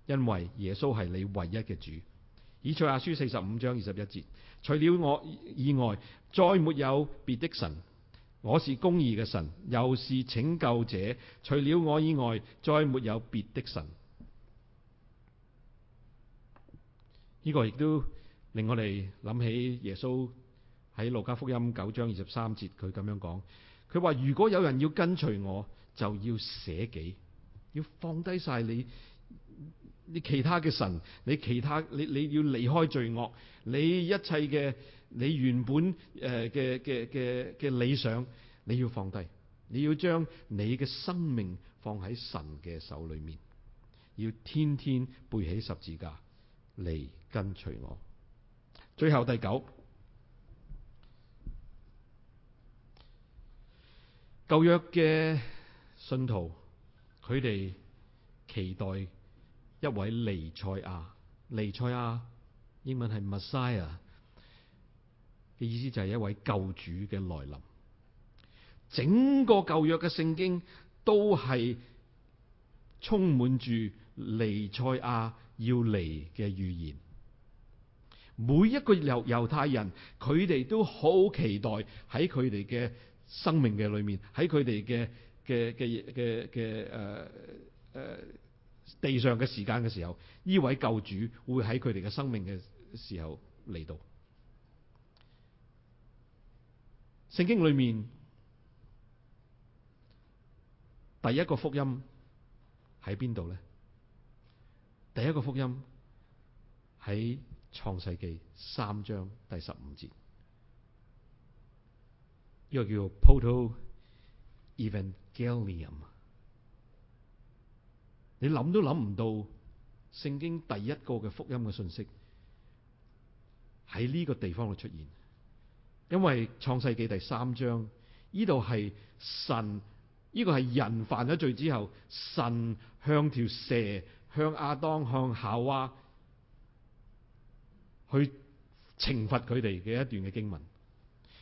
因為耶穌係你唯一嘅主。以賽亞書四十五章二十一節，除了我以外，再沒有別的神。我是公義嘅神，又是拯救者。除了我以外，再沒有別的神。呢、這個亦都令我哋諗起耶穌喺路加福音九章二十三節佢咁樣講：佢話如果有人要跟隨我，就要捨己，要放低晒你你其他嘅神，你其他你你要離開罪惡，你一切嘅。你原本誒嘅嘅嘅嘅理想，你要放低，你要將你嘅生命放喺神嘅手裏面，要天天背起十字架嚟跟隨我。最後第九舊約嘅信徒，佢哋期待一位彌賽亞，彌賽亞英文係 Messiah。嘅意思就係一位救主嘅來臨，整個舊約嘅聖經都係充滿住彌賽亞要嚟嘅預言。每一個猶猶太人，佢哋都好期待喺佢哋嘅生命嘅裏面，喺佢哋嘅嘅嘅嘅嘅誒誒地上嘅時間嘅時候，呢位救主會喺佢哋嘅生命嘅時候嚟到。聖經裏面第一個福音喺邊度咧？第一個福音喺創世記三章第十五節，呢個叫做 proto evangelium。你諗都諗唔到，聖經第一個嘅福音嘅信息喺呢個地方度出現。因為創世記第三章呢度係神呢個係人犯咗罪之後，神向條蛇，向亞當、向夏娃去懲罰佢哋嘅一段嘅經文。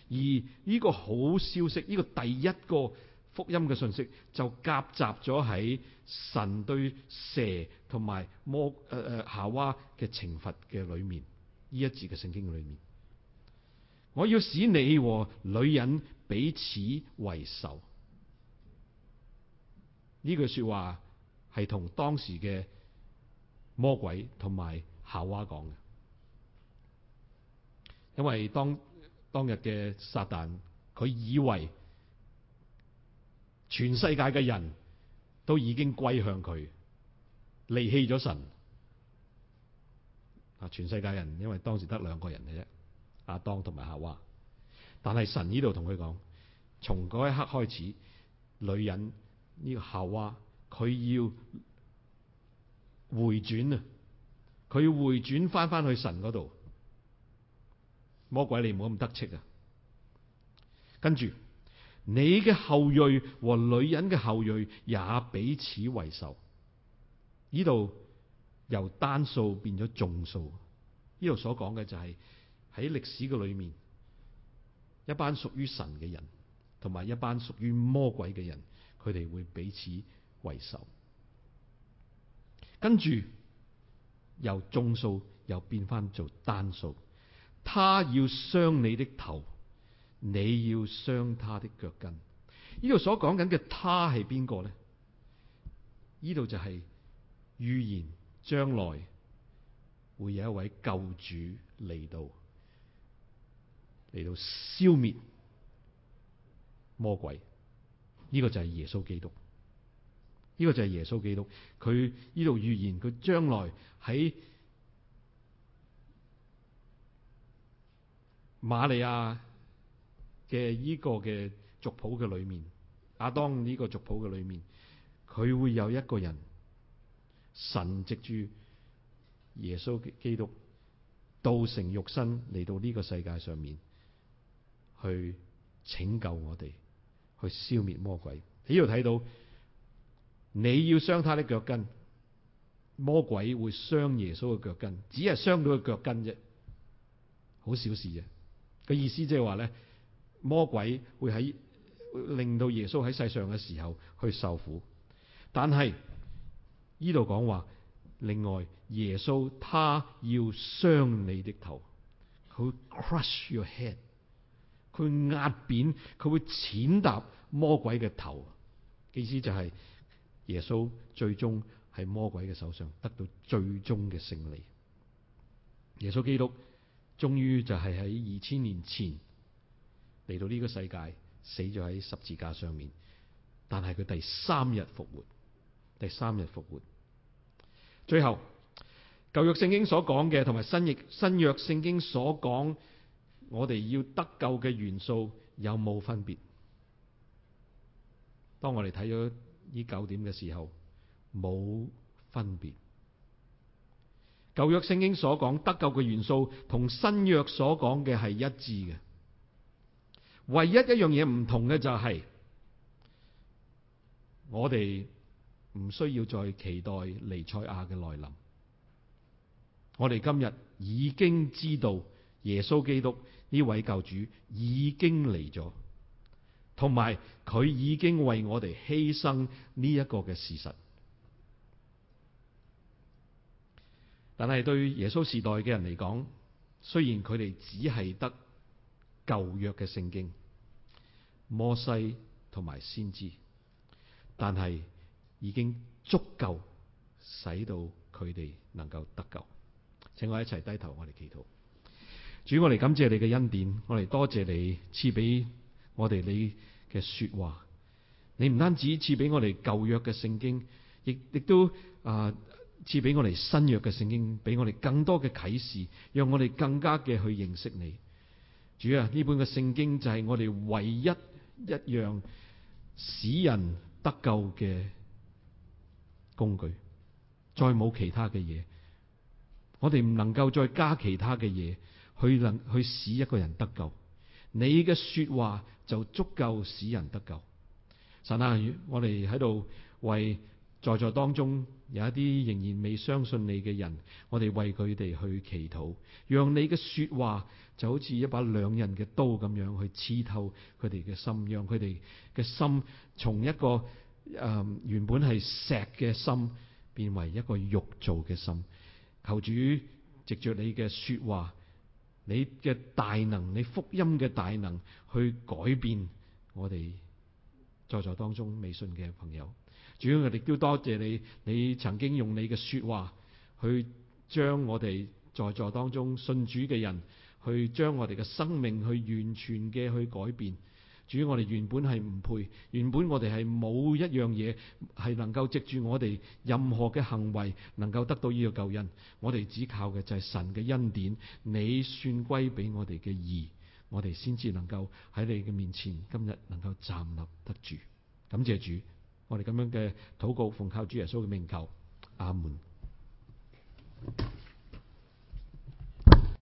而呢個好消息，呢個第一個福音嘅信息，就夾雜咗喺神對蛇同埋魔誒誒夏娃嘅懲罰嘅裏面，呢一節嘅聖經裏面。我要使你和女人彼此為仇。呢句說話係同當時嘅魔鬼同埋夏娃講嘅，因為當當日嘅撒旦，佢以為全世界嘅人都已經歸向佢，離棄咗神。啊，全世界人因為當時得兩個人嘅啫。阿當同埋夏娃，但係神呢度同佢講，從嗰一刻開始，女人呢個夏娃佢要回轉啊，佢要回轉翻翻去神嗰度。魔鬼你唔好咁得戚啊！跟住你嘅後裔和女人嘅後裔也彼此為仇。呢度由單數變咗眾數，呢度所講嘅就係。喺歷史嘅裏面，一班屬於神嘅人，同埋一班屬於魔鬼嘅人，佢哋會彼此為仇。跟住由眾數又變翻做單數，他要傷你的頭，你要傷他的腳跟。呢度所講緊嘅他係邊個呢？呢度就係預言將來會有一位救主嚟到。嚟到消滅魔鬼，呢、這個就係耶穌基督，呢、這個就係耶穌基督。佢呢度預言佢將來喺瑪利亞嘅呢個嘅族譜嘅裏面，亞當呢個族譜嘅裏面，佢會有一個人神藉住耶穌基督，道成肉身嚟到呢個世界上面。去拯救我哋，去消滅魔鬼。呢度睇到你要傷他的腳跟，魔鬼會傷耶穌嘅腳跟，只係傷到佢腳跟啫，好小事啫。個意思即係話咧，魔鬼會喺令到耶穌喺世上嘅時候去受苦，但係呢度講話另外耶穌他要傷你的頭，佢 crush your head。佢壓扁，佢會踐踏魔鬼嘅頭，意思就係耶穌最終喺魔鬼嘅手上得到最終嘅勝利。耶穌基督終於就係喺二千年前嚟到呢個世界，死咗喺十字架上面，但係佢第三日復活，第三日復活。最後舊約聖經所講嘅，同埋新亦新約聖經所講。我哋要得救嘅元素有冇分別？當我哋睇咗呢九點嘅時候，冇分別。舊約聖經所講得救嘅元素，同新約所講嘅係一致嘅。唯一一樣嘢唔同嘅就係、是，我哋唔需要再期待彌賽亞嘅來臨。我哋今日已經知道。耶穌基督呢位救主已經嚟咗，同埋佢已經為我哋犧牲呢一個嘅事實。但係對耶穌時代嘅人嚟講，雖然佢哋只係得舊約嘅聖經、摩西同埋先知，但係已經足夠使到佢哋能夠得救。請我一齊低頭，我哋祈禱。主，我嚟感謝你嘅恩典，我嚟多謝你，賜俾我哋你嘅說話。你唔單止賜俾我哋舊約嘅聖經，亦亦都啊賜俾我哋新約嘅聖經，俾我哋更多嘅啟示，讓我哋更加嘅去認識你。主啊，呢本嘅聖經就係我哋唯一一樣使人得救嘅工具，再冇其他嘅嘢。我哋唔能夠再加其他嘅嘢。佢能去使一個人得救，你嘅說話就足夠使人得救。神啊，我哋喺度為在座當中有一啲仍然未相信你嘅人，我哋為佢哋去祈禱，讓你嘅說話就好似一把兩刃嘅刀咁樣去刺透佢哋嘅心，讓佢哋嘅心從一個誒、呃、原本係石嘅心變為一個肉造嘅心。求主藉着你嘅說話。你嘅大能，你福音嘅大能，去改變我哋在座當中未信嘅朋友。主，要我哋都多謝你，你曾經用你嘅說話，去將我哋在座當中信主嘅人，去將我哋嘅生命去完全嘅去改變。主，我哋原本係唔配，原本我哋係冇一樣嘢係能夠藉住我哋任何嘅行為能夠得到呢個救恩。我哋只靠嘅就係神嘅恩典，你算歸俾我哋嘅義，我哋先至能夠喺你嘅面前今日能夠站立得住。感謝主，我哋咁樣嘅禱告，奉靠主耶穌嘅名求，阿門。